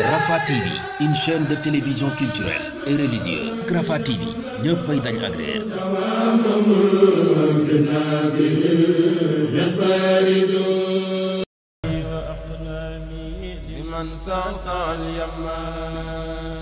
Rafah TV une chaîne de télévision culturelle et religieuse Rafah TV ñëppay dañ agréer liman sasal yamma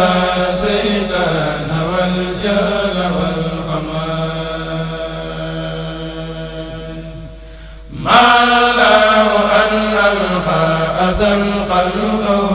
أحسن خلقه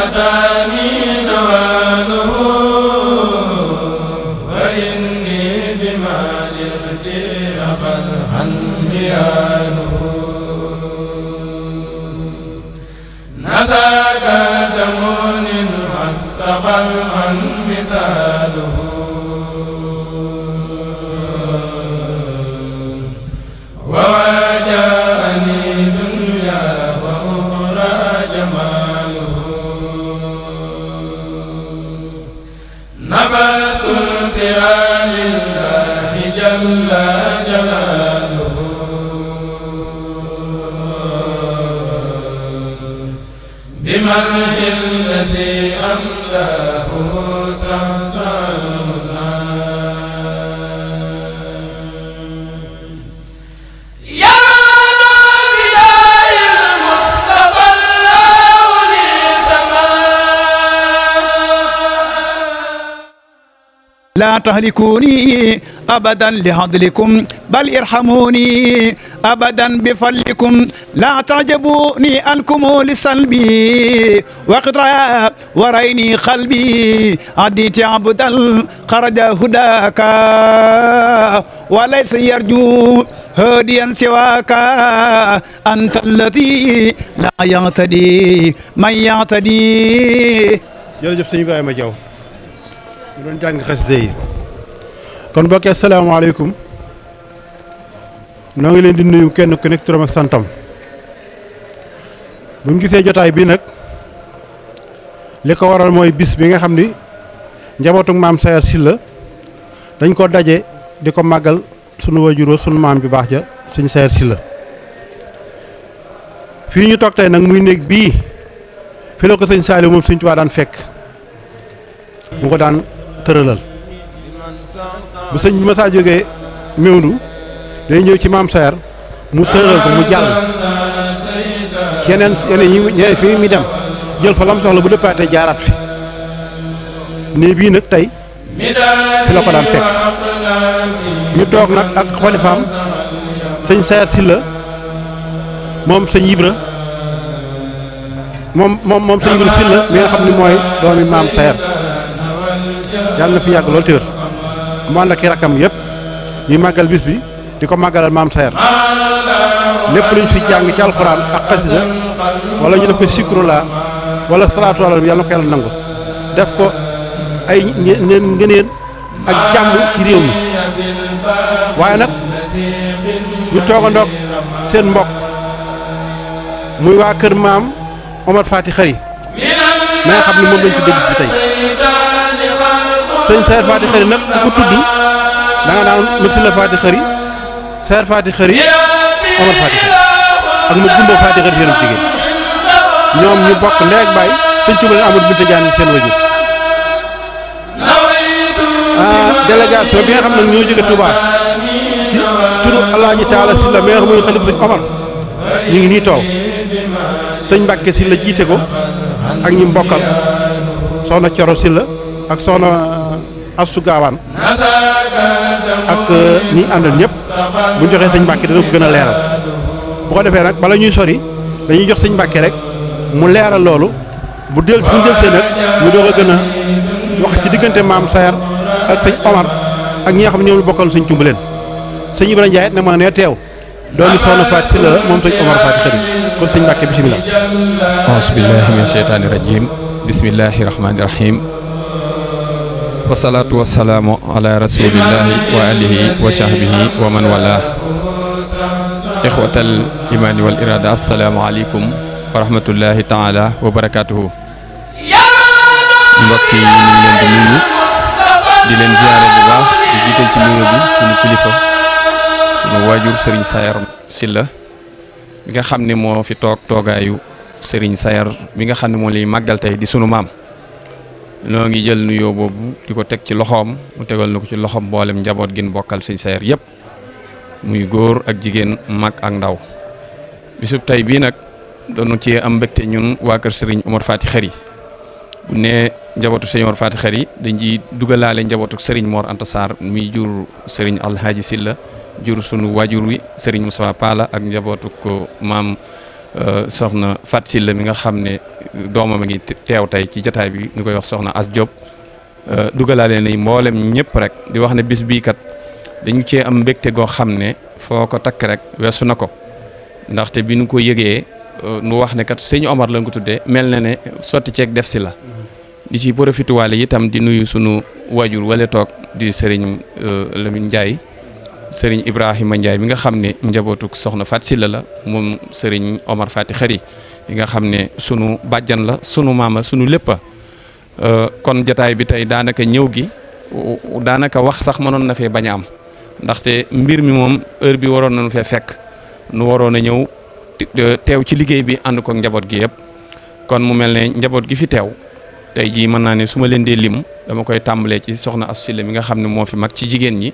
مرتان تهلكوني أبدا لهدلكم بل ارحموني أبدا بفلكم لا تعجبوني أنكم لسلبي وقد رأى وريني قلبي عديت عبدا خرج هداك وليس يرجو هاديا سواك أنت الذي لا يعتدي من يعتدي jërëjëf sëñ Ibrahima Diaw ñu doon jàng xasida yi kon mbokk yi asalaamaaleykum noo ngi leen di nuyu kenn ku nekk turam santam bu ñu gisee jotaay bi nag li ko waral mooy bis bi nga xam ni njabootu maam Sayar Sylla dañ koo daje di ko màggal sunu wajuroo sunu maam ju baax ja suñu Sayar Sylla fii ñu toog tey nag muy néeg bii fi la ko sëñ Saliou moom sëñ Tuubaa daan fekk mu ko daan tëralal bu sëñ bi masaa jógee mewndu day ñëw ci maam sayar mu tëralal ko mu jàll ci yeneen yeneen yi ñeneen fii mi dem jël fa lam bu dëppaatee jaaraat fi ne bii nag tey fi la ko daan fekk ñu toog nag ak xalifaam sëñ sayar silla moom sëñ Ibra moom moom sëñ Ibra silla mi nga xam ni mooy doomi maam sayar yàlla na fi yàgg lool téwér mu ànd ak i rakkam ñuy màggal bis bi di ko màggalal maam sayar lépp luñ fi jàng ci alxuraan ak xasida wala ñu def ko sikru la wala salaatu ala yàlla na ko yàlla nangu def ko ay ngeen ngëneen ak jàmm ci réew mi waaye nag ñu toogandoog seen mbokk muy waa kër maam Omar Fati Xari na xam ne moom lañ ci ci tey sëñ Seer Faati Xëri nag ku ko tudd da nga ma si Faati Xëri Seer Faati Xëri Omar Faati Xëri ak ma Gumba Faati Xëri seenam jigéen ñoom ñu bokk ndey ak baay sëñ Tuuba leen amul binta jaan seen ah, nga xam ne ñoo jóge ñu ngi nii toog sëñ Mbàkke Sylla jiite ko ak ñi mbokkal soxna Coro Sylla ak soxna astu Gawane ak euh, ñii àndal ñëpp bu ñu joxee sëñ Mbàkke dana ko gën a leeral bu ko defee nag bala ñuy sori dañuy jox sëñ Mbàkke rek mu leeral loolu bu del bu ñu del see nag ñu doog a gën wax ci diggante maam Sayar ak sëñ Omar ak ñi xam ne ñoom lu bokkal sëñ Cumbuleen sëñ Ibra Njaay ne ma nee teew doomi soxna Faat si la moom sëñ Omar Faat Sëriñ kon sëñ Mbàkke bisimilah. auzu billaahi min sheytaani rajiim bismillaahi rahmaani rahiim. wasalaatu wasalaamu ala rasulillahi wa alihi wa sahbihi wa man wala ixwatal imaani wal wa rahmatullahi taala wa barakatuhu mbokk yi ñu ngi leen di nuyu di leen ziare bu baax di jiital bi nga xam ni moo fi toog toogaayu Serigne Sayar bi nga xam ne moo liy màggal tey di sunu maam noo ngi jël nuyoo boobu di ko teg ci loxoom mu tegal na ko ci loxoom mboolem njaboot gin bokkal sëñ Saér yëpp muy góor ak jigéen mag ak ndaw bisub tey bii nag doonu ci am mbégte ñun waa kër sëriñ Omar Fati Xari bu ne njabootu Serigne Omar Fati Xari dañ ciy dugalaale njabootu sëriñ Mor Anta Sarr mi jur Serigne Alhaji Silla jur sunu waajur wi Serigne Moussa Pala ak njabootu ko maam. Euh, soxna Fat Silla mi nga xam ne doomam a ngi teew tey ci jataay bi ñu koy wax soxna As Diop euh, dugalaalee yi mboolem ñëpp rek di wax ne bis bii kat dañu cee am mbégte goo xam ne foo ko takk rek weesu na ko ndaxte bi nu ko yëgee euh, nu wax ne kat sëñ Omar lañ ko tuddee mel na ne sotti ceeg def si la di ci profité waale itam di nuyu sunu wajur wale toog di sëriñ Lamine Ndiaye sëriñ Ibrahima Ndiaye mi nga xam ne njabootuk soxna Faty Sylla la moom sëriñ Omar Faty Khary yi nga xam ne sunu bàjjan la sunu maama sunu lépp euh, kon jataay bi tey daanaka ñëw gi daanaka wax sax noon na fee bañ a am ndaxte mbir mi moom heure bi waroon nañu fee fekk nu waroon a ñëw teew ci liggéey bi ànd ko njaboot gi yëpp kon mu mel ne njaboot gi fi teew tey jii mën naa ne su ma leen dee lim dama koy tàmbalee ci soxna Astou Sylla mi nga xam ne moo fi mag ci jigéen ñi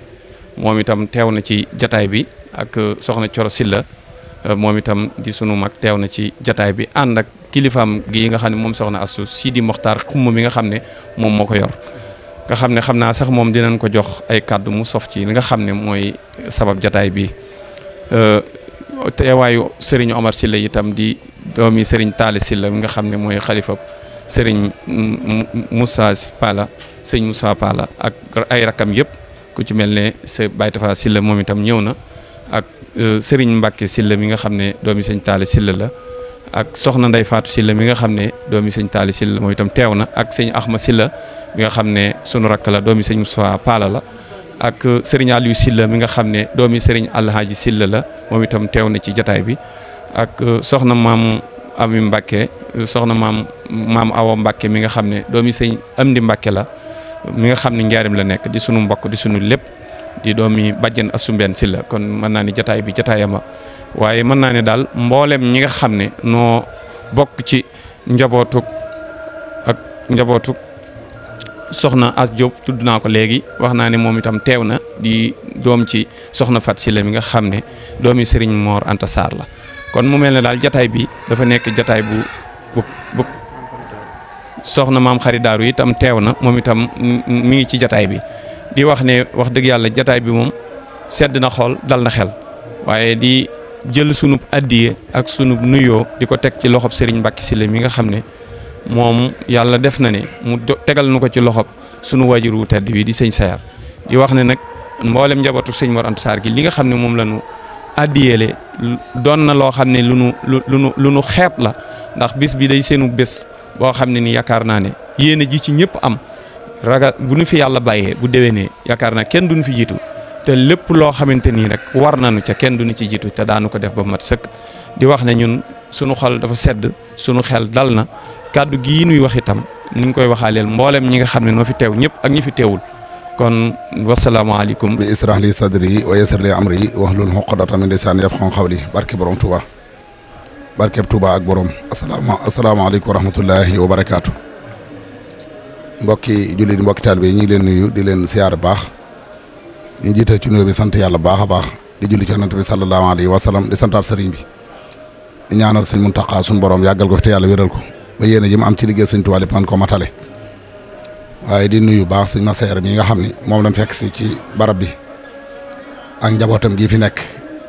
moom itam teew na ci jataay bi ak euh, soxna Coro Silla euh, moom itam di sunu mag teew na ci jataay bi ànd ak kilifaam gi nga xam ne moom soxna Astou Sidi Mokhtar xumma mi nga xam ne moom moo ko yor nga xam ne xam naa sax moom dinañ ko jox ay kàddu mu sof ci li nga xam ne mooy sabab jataay bi euh, teewaayu Serigne Omar Silla itam di doomi Serigne Taale Silla mi nga xam ne mooy xalifa sëriñ Moussa Pala Serigne Moussa Pala ak ay rakkam yëpp ku ci mel ne sa Baye Tafa Silla moom itam ñëw na ak euh, Serigne Mbacke Silla mi nga xam ne doomi sëñ Taali Silla la ak soxna Ndey Faatu Silla mi nga xam ne doomi sëñ Taali Silla moom itam teew na ak sëñ Axma Silla mi nga xam ne sunu rakk la doomi sëñ Moussa Paala la ak euh, Serigne Aliou mi nga xam ne doomi Serigne Alhaji Silla la moom itam teew na ci jataay bi ak euh, soxna maam Ami Mbacke soxna maam maam Awa Mbacke mi nga xam ne doomi sëñ Amdi Mbacke la mi nga xam ne njaarim la nekk di sunu mbokk di sunu lépp di doomi bàjjen asumbeen si la kon mën naa ne jataay bi jataayama waaye mën naa ne daal mboolem ñi nga xam ne noo bokk ci njabootuk ak njabootuk soxna As Diop tudd naa ko léegi wax naa ne moom itam teew na di doom ci soxna Fat Sile mi nga xam ne doomi sëriñ moor Anta Sarr la kon mu mel ne daal jataay bi dafa nekk jataay bu bu soxna maam xari daaru itam teew na moom itam mu ngi ci jataay bi di wax ne wax dëgg yàlla jataay bi moom sedd na xool dal na xel waaye di jël sunub addiye ak sunub nuyoo di ko teg ci loxob Serigne Mbacke Sylla mi nga xam ne moom yàlla def na ne mu tegal nu ko ci loxob sunu waajur wu tedd bi di sëñ Sayar di wax ne nag mboolem njabootu sëñ Mor saar gi li nga xam ne moom la nu addiyeele doon na loo xam ne lu nu lu nu lu nu xeeb la ndax bis bi day boo xam ne ni yaakaar naa ne yéen ji ci ñëpp am ragal bu ñu fi yàlla bàyyee bu déwénee yaakaar naa kenn duñu fi jiitu te lépp loo xamante nii rek war nañu ca kenn du duñu ci jiitu te daanu ko def ba mat sëkk di wax ne ñun sunu xol dafa sedd sunu xel dal na kàddu gi nuy wax itam ni ngi koy waxaaleel mboolem ñi nga xam ne noo fi teew ñëpp ak ñu fi teewul kon wasalaamaaleykum bi israh li sadri wa yasir li amri wahlul uqdatan min lisaani yafqahu qawli barke borom Tuubaa barkeb Touba ak borom asalaama asalaamaaleykum wa rahmatullahi wa barakaatu mbokki jullit mbokki taalibe yi ñu ngi leen nuyu di leen siyaar baax ñu jiite ci nuyoo bi sant yàlla baax a baax di julli ci yonent bi sallallahu alayhi wa sallam di santaat sëriñ bi di ñaanal suñ mun Muntaxa suñ boroom yàggal ko fi te yàlla wéral ko ba yéene ji mu am ci liggéey suñ Touba lépp man ko matale waaye di nuyu baax suñ maseer mi nga xam ni moom lañ fekk si ci barab bi ak gi fi nekk.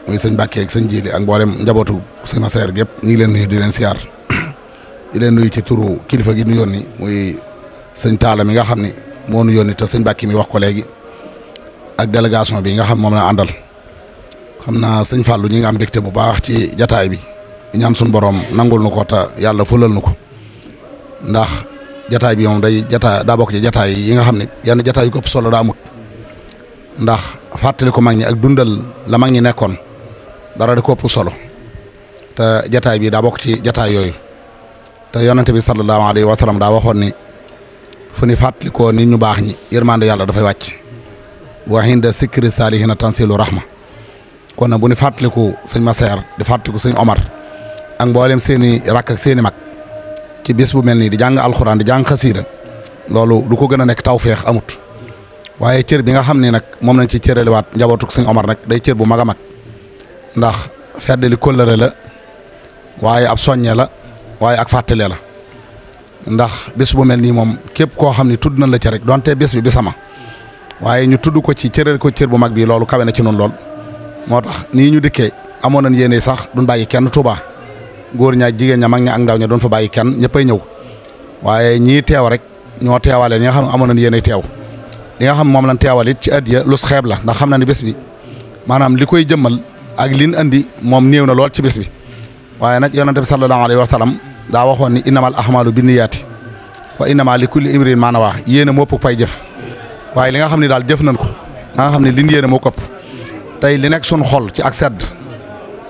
muy sëñ Mbàkke ak sëñ Jili ak mboolem njabootu sëñ Asaar gépp ñu ngi leen nuyu di leen siyaar di leen nuyu ci turu kilifa gi nu yónni muy sëñ Taala mi nga xam ni moo nu yónni te sëñ Mbàkke mi wax ko léegi ak délégation bi nga xam moom la àndal xam naa sëñ Fallou ñi nga am mbégte bu baax ci jataay bi ñaan suñu borom nangul nu ko ta yàlla fulal nu ko ndax jataay bi moom day jataay daa bokk ci jataay yi nga xam ne yenn jataay yu ko solo daa amut ndax fàttali ko mag ñi ak dundal la mag ñi nekkoon. dara de ko ëpp solo te jataay bii daa bokk ci jataay yooyu te yonente bi sallallahu alayhi wa sallam daa waxoon ni fu ni fàttalikoo ni ñu baax ñi yërmande yàlla dafay wàcc wa inda sikri saalihina tansilu rahma kon nag bu ni fàttaliku sëñ Maseer di fàttaliku sëñ Omar ak mboolem seeni rakk seeni mag ci bis bu mel nii di jàng alxuraan di jàng xasiida loolu du ko gën a nekk taw feex amut waaye cër bi nga xam ne nag moom nañ ci cëralewaat njabootuk sëñ Omar nag day cër bu mag a mag ndax feddali kóllëre la waaye ab soññe la waaye ak fàttale la ndax bés bu mel nii moom képp koo xam ne tudd nañ la ca rek donte bés bi bésama waaye ñu tudd ko ci cëral ko cër bu mag bi loolu kawe na ci noonu lool moo tax nii ñu dikkee amoon nañ yéene sax duñ bàyyi kenn Touba góor ñaa jigéen ña mag ña ak ndaw ña doon fa bàyyi kenn ñëppay ñëw waaye ñii teew rek ñoo teewaale ñi nga xam ne amoon nañ yéene teew li nga xam moom lañ teewal ci at ya lus xeeb la ndax xam na ne bés ak liñ andi moom néew na lool ci bis bi waaye nag yonante bi sallallahu alayhi wa sallam daa waxoon ni innamal ahmaalu binniyaati wa innamaa li kulli imrin maa nawaa yéene moo ëpp pay waaye li nga xam ne daal jëf nañ ko da nga xam ne liñ yéene moo kopp tey li nekk sun xol ci ak sedd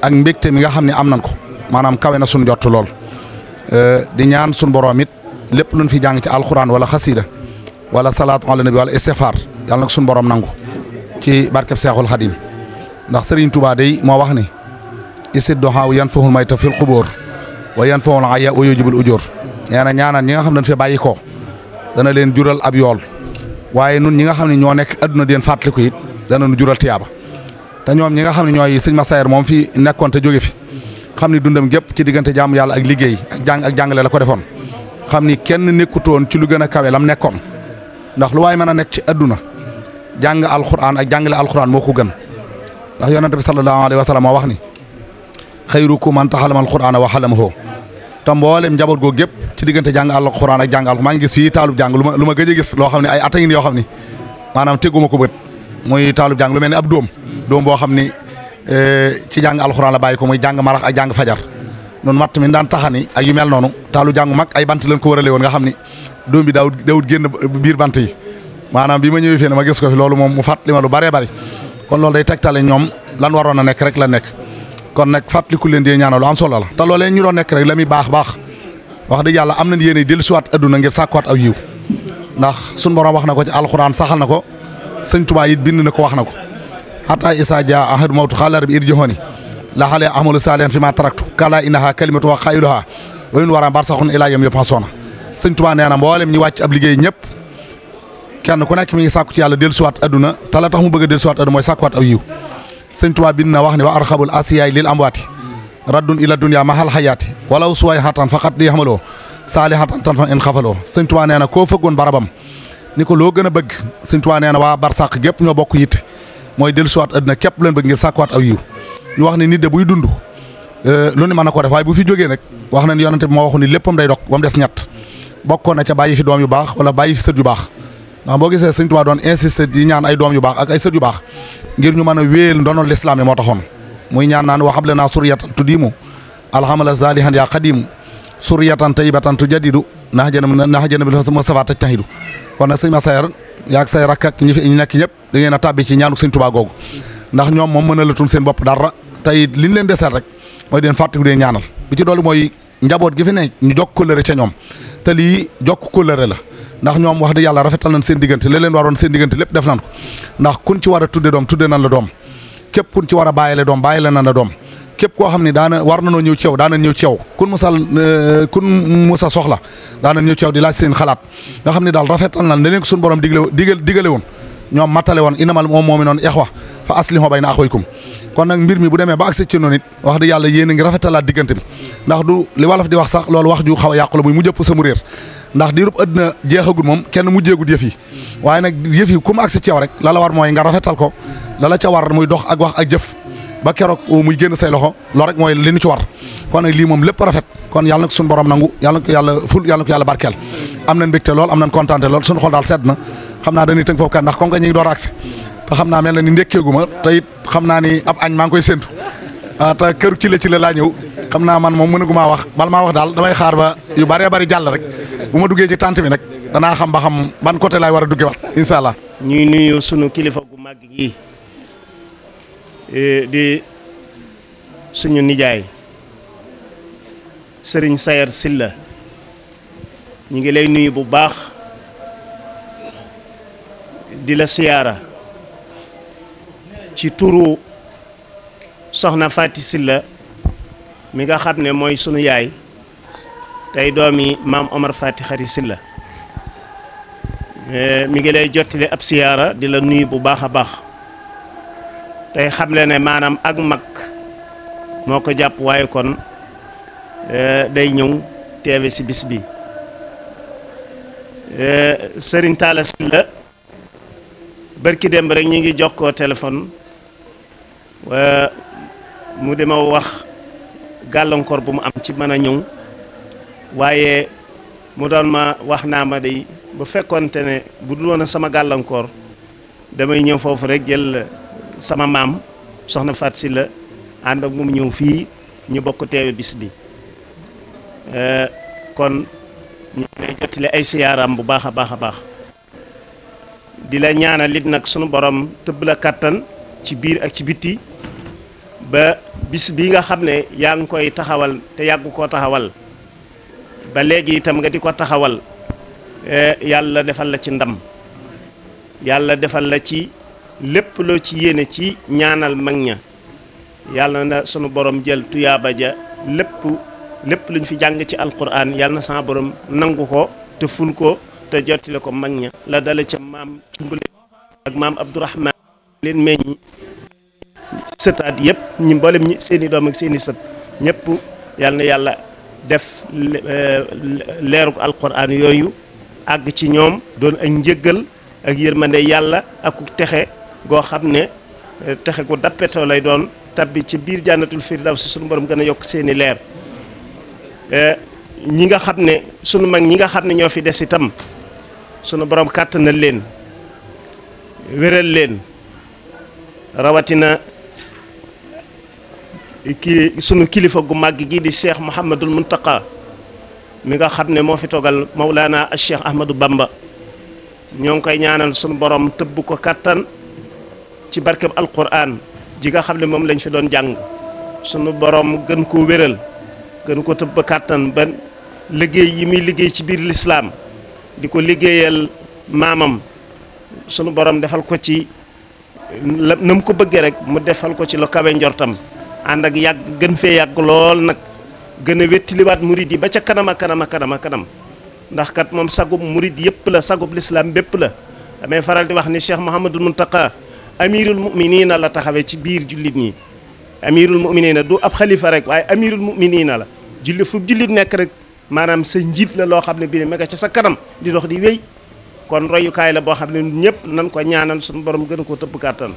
ak mbégte mi nga xam ne am nañ ko maanaam kawe na sun jott lool euh, di ñaan sun borom it lépp luñ fi jàng ci alxuraan wala xasiida wala salaatu ala wala istixfaar yàlla nag sun borom nangu ci barkeb seexul xadim ndax Serigne Touba day moo wax ni isid doxaaw yan fahul mayta fil xubóor wa yan fahul aya wa yujibul ujóor nee na ñaanaan ñi nga xam ne dañ fee bàyyi ko dana leen jural ab yool waaye nun ñi nga xam ne ñoo nekk adduna di leen fàttaliku it dana nu jural tiyaaba te ñoom ñi nga xam ne ñooy sëñ Massaer moom fi nekkoon te jóge fi xam ni dundam gépp ci diggante jaamu yàlla ak liggéey ak jàng ak jàngale la ko defoon xam ni kenn nekkutoon ci lu gën a kawe lam nekkoon ndax lu waay mën a nekk ci adduna jàng alxuraan ak jàngale alxuraan moo ko gën ndax yonent bi sallallahu alayhi wa sallam wax ni xayrukum man ta'allama alqur'ana wa 'allamahu te mboolem njaboot googu gépp ci diggante jàng alqur'an ak jàng maa ngi gis fii taalub jàng lu ma lu ma gëj a gis loo xam ne ay at a yoo xam ne maanaam teguma ko bët muy taalub jàng lu mel ni ab doom doom boo xam ni e, ci jàng alqur'an la bàyyi ko muy jàng marax ak jàng fajar noonu matt mi daan taxani ak yu mel noonu taalu jàng mag ay bant lañ ko wërale woon nga xam ni doom bi daawut daawut génn biir bant yi maanaam bi ma ñëwee fii ne ma gis ko fi loolu moom mu fàttali ma lu bëree bëri kon loolu day tegtale ñoom lan waroon a nekk rek la nekk kon nag fàttaliku leen di ñaanal lu am solo la te lool ñu doon nekk rek la muy baax baax wax dëgg yàlla am nañ yéen a dellusiwaat adduna ngir sàkkuwaat aw yiw ndax sunu borom wax na ko ci alxuraan saxal na ko sëñ Tuubaa it bind na ko wax na ko hatta isa jaa ahadu mawtu xaala rabbi irji'uuni la'allii a'malu saalihan fiimaa taraktu kallaa innahaa kalimatun huwa qaa'iluhaa wa min waraa'ihim barzaxun ilaa yawmi yub'asuun sëñ Tuubaa nee na mboolem wàcc ab liggéey ñëpp kenn ku nekk mi ngi sàkku ci yàlla dellusiwaat adduna te la tax mu bëgg a dellusiwaat adduna mooy sàkkuwaat aw yiw sëñ Tuubaa bind na wax ne wa arxabul asiyaay lil amwaati raddun ila dunya mahal xayaati walaw suwaay xatan faqat di xamaloo saali xatan tan fa in xafaloo sëñ Tuubaa nee na koo fëggoon barabam ni ko loo gën a bëgg sëñ Tuubaa nee na waa barsàq gépp ñoo bokk yitte mooy dellusiwaat adduna képp leen bëgg ngir sàkkuwaat aw yiw ñu wax ne nit de buy dund euh, ndax boo gisee sëñ Tuubaa doon insisté di ñaan ay doom yu baax ak ay sët yu baax ngir ñu mën a wéyal ndono lislaam yi moo taxoon muy ñaan naan waxam le naa suriyatan tuddiimu alhamala zalihan yaa xadiimu suriyatan tayyibatan tujaddidu nax jënam nax jënam bi ma safa taj taxidu kon nag sëñ ma sayer yaa ak say rakk ak ñi ñëpp da ngeen a tàbbi ci ñaanu sëñ Tuubaa googu ndax ñoom moom mën a latun seen bopp dara tey liñ leen deseel rek mooy deen fàttiku deen ñaanal bi ci doolu mooy njaboot gi fi ne ñu jokk kóllëre ca ñoom te lii jokk kóllëre la ndax ñoom wax dëgg yàlla rafetal nañ seen diggante li leen waroon seen diggante lépp def nañ ko ndax kun ci war a tudde doom tudde nan la doom képp kun ci war a bàyyile doom bàyyile nan la doom képp koo xam ne daana war nanoo ñëw ci yow daana ñëw ci yow kun musal euh, kun musa soxla daana ñëw ci yow di laaj seen xalaat nga xam ne daal rafetal nañ ne leen ko suñu borom digle digal woon ñoom mattale woon inamal moom moomi noonu exwa fa asliho bay na axwaykum kon nag mbir mi bu demee ba agsi ci noonu it wax dëgg yàlla yéen a ngi rafetalaat bi ndax du li di wax sax loolu wax ju xaw a yàqu la muy mu jëpp sama réer ndax diirub àddina jeexagul moom kenn mu jéegul yëf yi waaye nag yëf yi ku mu rek la la war mooy nga rafetal ko la la ca war muy dox ak wax ak jëf ba keroog muy génn say loxo loolu rek mooy li nu ci war kon nag lii moom lépp rafet kon yàlla na ko suñu borom nangu yàlla ko yàlla ful yàlla ko yàlla barkeel am nañ mbégte lool am nañ kontaan lool suñu xol daal sedd na xam naa dañuy tënk foofu kan ndax comme que ñu door agsi te xam naa mel na ni ndékkeegu ma te xam naa ni ab añ maa ngi koy séntu ah, te kër ci la ci la laa ñëw xam naa man moom mënaguma wax bal maa wax daal damay xaar ba yu bëree bëri jàll rek bu ma duggee ci tànt bi nag danaa xam ba xam ban côté laay war a dugge wax incha allah. ñuy nuyu sunu kilifa gu màgg gi eh, di suñu nijaay sëriñ Sayar Silla ñu ngi lay nuyu bu baax di la siyaara ci turu soxna Faati Silla mi nga xam ne mooy sunu yaay. tey doomi maam Omar Fati Xari Silla eh, mi ngi lay jottali ab siyaara di la nuyu bu baax a baax tey xamle ne maanaam ak mag moo ko jàpp waaye kon eh, day ñëw teewe si bis bi eh, Sëriñ Taala Silla bërki démb rek ñu ngi jokkoo téléphone mu dima wax gàllankoor bu mu am ci mën a ñëw waaye mu doon ma wax naa ma day bu fekkoonte ne bu dul woon sama gàllankoor damay ñëw foofu rek jël sama maam soxna Faat si la ànd ak moom ñëw fii ñu bokk teewe bis bi eh, kon ñu lay jottali ay siyaaram bu baax a baax a baax di la ñaana lit nag suñu borom tëbb la kàttan ci biir ak ci bitti ba bis bi nga xam ne yaa ngi koy taxawal te yàgg koo taxawal ba léegi itam nga di ko taxawal eh, yàlla defal la ci ndam yàlla defal la ci lépp loo ci yéene ci ñaanal mag ña yàlla na sunu boroom jël tuyaaba ja lépp lépp luñ fi jàng ci alquran yàlla na sama boroom nangu ko te ful ko te jottile ko mag ña la dala ca maam cumbale ak maam abdourahman leen meññi sëtaat yëpp ñu mboolem ñi seen doom ak seeni i sët ñëpp yàlla na yàlla def euh, leerug alquran yooyu àgg ci ñoom doon ak njëggal ak yërmande yàlla aku texe goo xam ne euh, texe gu dappetoo lay doon tabbi ci biir jànnatul firdaws si sunu borom gën a yokk seeni leer euh, ñi nga xam ne sunu mag ñi nga xam ne ñoo fi des itam sunu borom kàttanal leen wéral leen rawatina ki sunu kilifa gu màgg gi di cheikh Mouhamadul Muntaqa mi nga xam ne moo fi togal Mawlana ak cheikh Ahmadou Bamba ñoo ngi koy ñaanal suñu boroom tëbb ko kattan ci barkeb alquran ji nga xam ne moom lañ fi doon jàng sunu boroom gën koo wéral gën ko tëbb kattan ba liggéey yi muy liggéey ci biir lislaam di ko liggéeyal maamam sunu borom defal ko ci la na mu ko bëggee rek mu defal ko ci lu kawe njortam. ànd ak yàgg gën fee yàgg lool nag gën a wettiliwaat murid yi ba ca kanam a kanam a kanam a kanam ndax kat moom sagub murid yëpp la sagub lislaam bépp la damay faral di wax ni Cheikh Mouhamadul Muntaqa amirul muminina la taxawee ci biir jullit ñi amirul muminina du ab xalifa rek waaye amirul muminina la julli fu jullit nekk rek maanaam sa njiit la loo xam ne bi ne mega ca sa kanam di dox di wéy kon royukaay la boo xam ne ñëpp nan ko ñaanal suñu borom gën a ko tëbb kàttan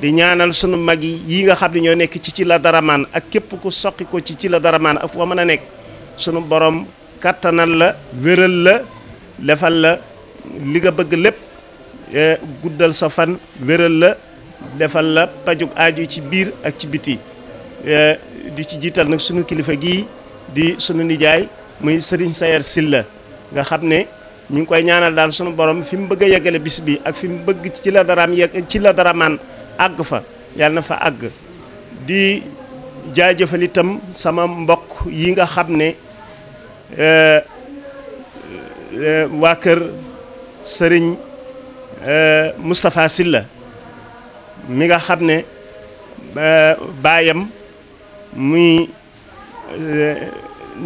di ñaanal sunu mag yi yi nga xam ne ñoo nekk ci ci la daramaan ak képp ku soqi ko ci ci la daramaan ak foo mën a nekk sunu boroom kàttanal la wéral la defal la li nga bëgg lépp eh, guddal sa fan wéral la defal la pajug aaju ci biir ak ci biti eh, di ci jiital nag sunu kilifa gii di sunu nijaay muy Serigne Sayar Silla nga xam ne ñu ngi koy ñaanal daal sunu borom fi mu bëgg a yeggale bis bi ak fi mu bëgg ci la daraam yegg ci la daramaan àgg fa yàlla na fa àgg di jaajëfal itam sama mbokk yi nga xam ne euh, euh, waa kër sëriñ euh, Moustapha Sylla mi nga xam ne baayam muy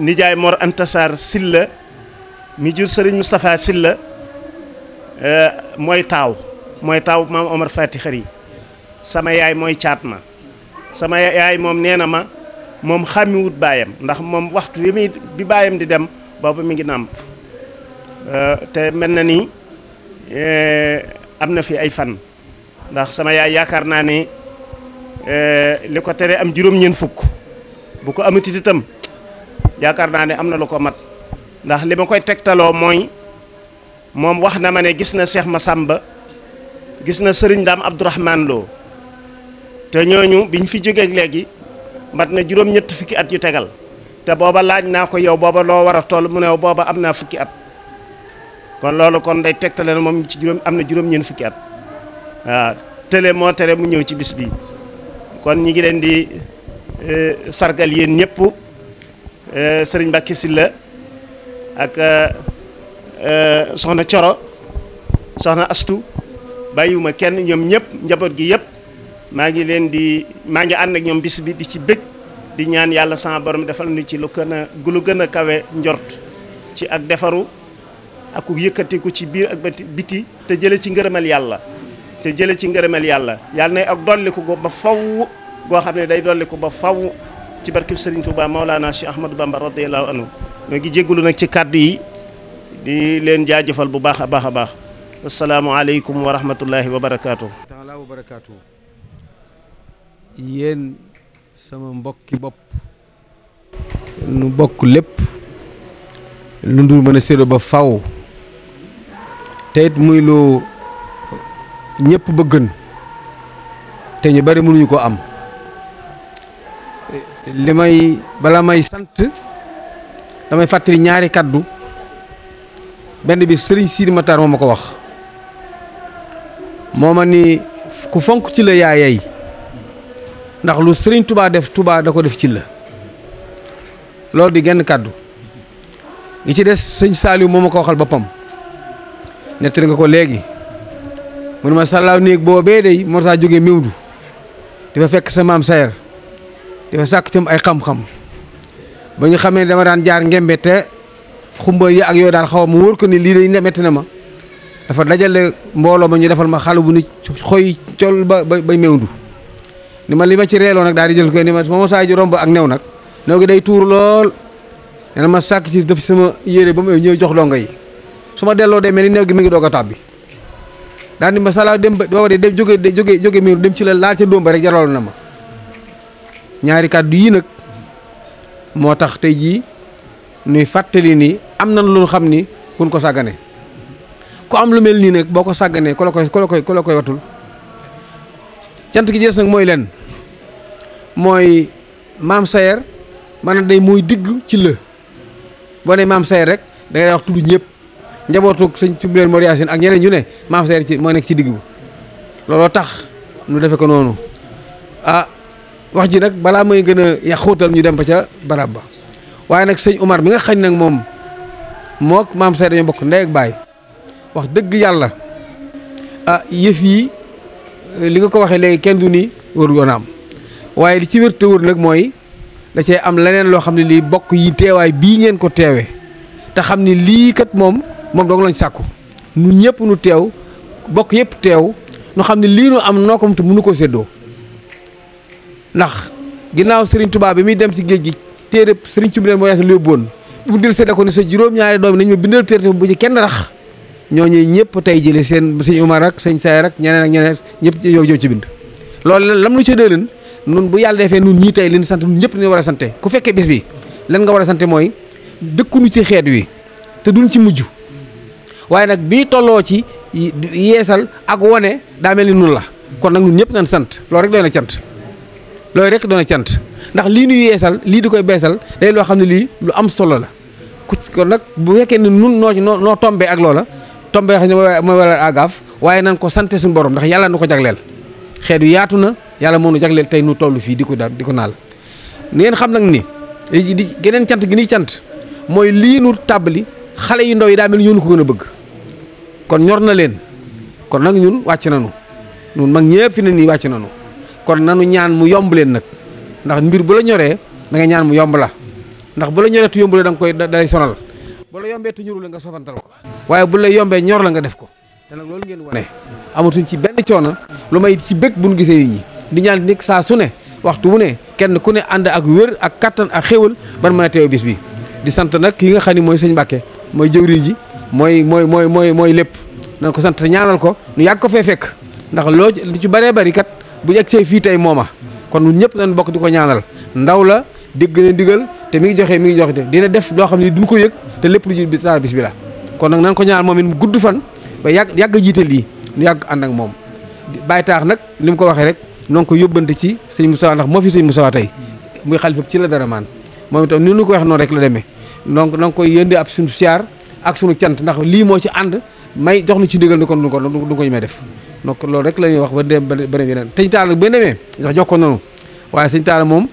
nijaay Mor Antasar silla mi jur sëriñ Moustapha Sylla mooy taaw mooy taaw maam Omar Fati yi sama yaay mooy caat sama yaay moom nee na ma moom xàmmiwut baayam ndax moom waxtu bi muy bi baayam di dem boobu mi ngi nàmp euh, te mel na ni euh, am na fi ay fan ndax sama yaay yaakaar naa ne euh, li ko tere am juróom-ñeent fukk bu ko amatit itam yaakaar naa ne am na lu ko mat ndax li ma koy tegtaloo mooy moom wax na ma ne gis na Cheikh Massamba gis na Serigne Dame Abdourahmane Lo te ñooñu ñu fi jógeek léegi mat na juróom-ñett fukki at yu tegal te booba laaj naa ko yow booba loo war a toll mu ne booba am naa fukki at kon loolu kon day tegtale na moom ci juróom am na juróom-ñeent fukki at waaw tële moo tere mu ñëw ci bis bi kon ñi ngi leen di e, sargal yéen ñëpp e, sëriñ Mbacke Sylla ak e, soxna Coro soxna Astu bàyyiwuma kenn ñoom ñëpp njaboot gi yëpp maa ngi leen di maa ngi ànd ak ñoom bis bi di ci bëgg di ñaan yàlla sama borom defal ni ci lu gën a lu gën a kawe njort ci ak defaru ak ku yëkkatiku ci biir ak biti te jële ci ngërëmal yàlla te jële ci ngërëmal yàlla yàlla nay ak dolliku ko ba faw goo xam ne day dolliku ba faw ci barkib Serigne Touba Maolana Cheikh Ahmadou Bamba radiyallahu anhu ñoo gi jégalu nag ci kàddu yi di leen jaajëfal bu baax a baax a baax asalaamaaleykum wa rahmatullahi wa barakaatu. taala wa barakaatu. yéen sama mbokki bopp nu bokk lépp lu ndul mën a ba faw te muy loo ñëpp bëggan te ñu bari mënuñu ko am li may balaa may sant damay fàttali ñaari kàddu benn bi sëriñ Sidi Matar moo ma ko wax moo ni ku fonk ci la yaayay ndax lu sëriñ tubaa def tubaa da ko def ci la loolu di genn kàddu yi ci des sëñ Saaliw moom ma ko waxal boppam nettali nga ko léegi mu ne ma sàllaaw néeg boobee day moo tax jógee Mewdu dafa fekk sa maam sayer dafa sàkk tam ay xam-xam ba ñu xamee ne dama daan jaar ngembe te xumba yi ak yooyu daan xaw mu wóor ko ni lii day nemetti na ma dafa dajale mbooloo ma ñu defal ma xalu bu ni xoy col ba ba Mewdu ni ma li ma ci reeloo nag daal di jël ko ni ma ma saa ji romb ak new nag new gi day tuur lool nee na ma sàkk ci def sama yére ba mu ñëw jox donga yi su ma delloo de mel ni new gi mi ngi doog ko tàbbi daa di ma salaa dem ba booba de dem jóge jóge jóge miir dem ci la laal ca dóom ba rek jaraloon na ma ñaari kàddu yii nag moo tax tey jii nuy fàttali nii am na lu xam ni kun ko sàggane ku am lu mel nii nag boo ko sàgganee ku la koy ku la koy cant ki jees nag mooy leen mooy maam sayer maanaam day mooy digg ci la boo ne maam sayer rek da ngay wax tudd ñëpp njabootu sëñ leen Mor ak ñeneen ñu ne maam sayer ci mooy nekk ci digg bu looloo tax nu defe ko noonu ah wax ji nag balaa may gën a ya ñu dem ba ca barab ba waaye nag sëñ Omar bi nga xañ nag moom mook maam sayer dañoo bokk ndey ak baay wax dëgg yàlla ah, yëf yi li nga ko waxee léegi kenn du ni wër woon am waaye li ci wér te wër nag mooy da cee am leneen loo xam ne lii bokk yi teewaay bii ngeen ko teewee te xam ni lii kat moom moom dong lañ sàkku nu ñëpp nu teew bokk yëpp teew nu xam ne lii nu am noo ko mënu ko séddoo ndax ginnaaw Serigne Touba bi muy dem ci géej gi téere Serigne Touba moo yaatu lu yóbbu woon bu dil séddee ko ni sa juróom-ñaari doom yi nañ ma bu ci kenn rax. ñoo ñëw ñëpp tey jëlee seen sëñ Umar ak sëñ Sayer ak ñeneen ak ñeneen ñëpp yow jow ci bind loolu lam lu ca déeleen nun bu yàlla defee nun ñii tey leen sant nun ñëpp ni war a ku fekkee bés bi lan war a sante mooy dëkkuñu ci xeet wi te duñ ci mujj waaye nag bii tolloo ci yeesal ak wone daa nun la kon nag ñëpp nañ sant loolu rek doon na cant loolu rek doo na cant ndax lii nuy yeesal lii di koy beesal day loo xam ne lii lu am solo la ku kon nag bu fekkee ne nun noo noo noo tombee ak loola tombe yoo xam ne mooy waral agaaf waaye nan ko sante suñu borom ndax yàlla nu ko jagleel xeet yaatu na yàlla moo nu jagleel tey nu toll fii di ko daal di ko naal ni xam nag ni di geneen cant gi ni cant mooy lii nu tàbbali xale yi ndaw yi daa mel ñoo ko gën a bëgg kon ñor na leen kon nag ñun wàcc nanu ñun mag ñëpp fi ne nii wàcc nanu kon nanu ñaan mu yomb leen nag ndax mbir bu la ñoree da nga ñaan mu yomb la ndax bu la ñoree tu yombulee da nga koy dalay sonal bu la yombee tu ñorul nga sofantal ko waaye bu la yombee ñor la nga def ko te loolu ngeen wane amatuñ ci benn coono lu may ci bëgg buñ gisee nit ñi di ñaan nekk saa su ne waxtu wu ne kenn ku ne ànd ak wér ak kattan ak xéwal ban mën a teew bis bi di sant nag ki nga xam ni mooy sëñ Mbàkke mooy jëwriñ ji mooy mooy mooy mooy mooy lépp nan ko sant te ñaanal ko nu yàgg ko fee fekk ndax loo lu ci bëree bëri kat bu ñu see fii tey mooma kon ñun ñëpp nañ bokk di ko ñaanal ndaw la dégg na ndigal te mi ngi joxe mi ngi joxe dina def loo xam ne duñ ko yëg te lépp lu ji bis bi la kon nag nan ko ñaan moom it mu gudd fan ba yàgg yàgg jiite lii ñu yàgg ànd ak moom bàyyi taax nag ni mu ko waxee rek noo ngi ko yóbbante ci sëñ Moussa ndax moo fi sëñ Moussa tey muy xalifa ci la dara maan moom itam ni nu ko wax noonu rek la demee donc na koy yëndi ab suñu siyaar ak suñu cant ndax lii moo ci ànd may jox na ci ndigal ni kon du ko du ko ñemee def donc loolu rek la ñuy wax ba dem ba dem yeneen sëñ Talla nag ba demee ndax jox ko noonu waaye sëñ Talla moom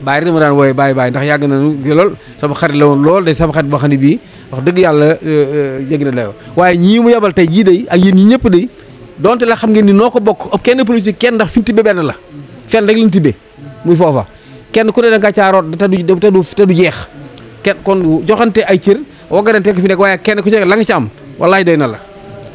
baay rek ma daan wooye bàyyi bàyyi ndax yàgg nañu lool sama xarit la woon lool day sama xarit boo xam ne bii wax dëgg yàlla euh, euh, yëg na dayoo waaye ñii mu yebal tey jii day ak yéen ñi ñëpp day donte la xam ngeen ni noo ko bokk kenn politique kenn ndax fi ñu tibbee benn la fenn rek lañ tibbee muy foofa kenn ku ne da nga caa root te du te du jeex kenn kon joxante ay cër waggarante ko fi nekk waaye kenn ku ci nekk la nga ci am wallaay doy na la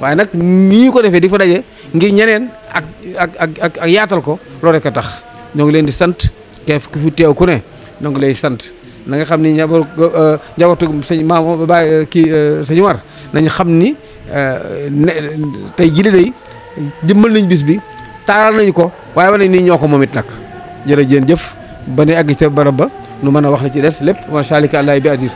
waaye nag nii ko defee di fa daje ngir ñeneen ak ak ak ak yaatal ko loolu rek a tax ñoo ngi leen di sant keef ku fi teew ku ne na lay sant na nga xam ni njaboot euh, njabootu sëñ maam baay euh, kii euh, sëñ Umar nañ xam ni ne tey jii day dimbal nañ bis bi taaral nañ ko waaye wane ni ñoo ko moom it nag jërëjëf jëf ba ne àgg ca barab ba nu mën a wax la ci des lépp macha allah bi aziz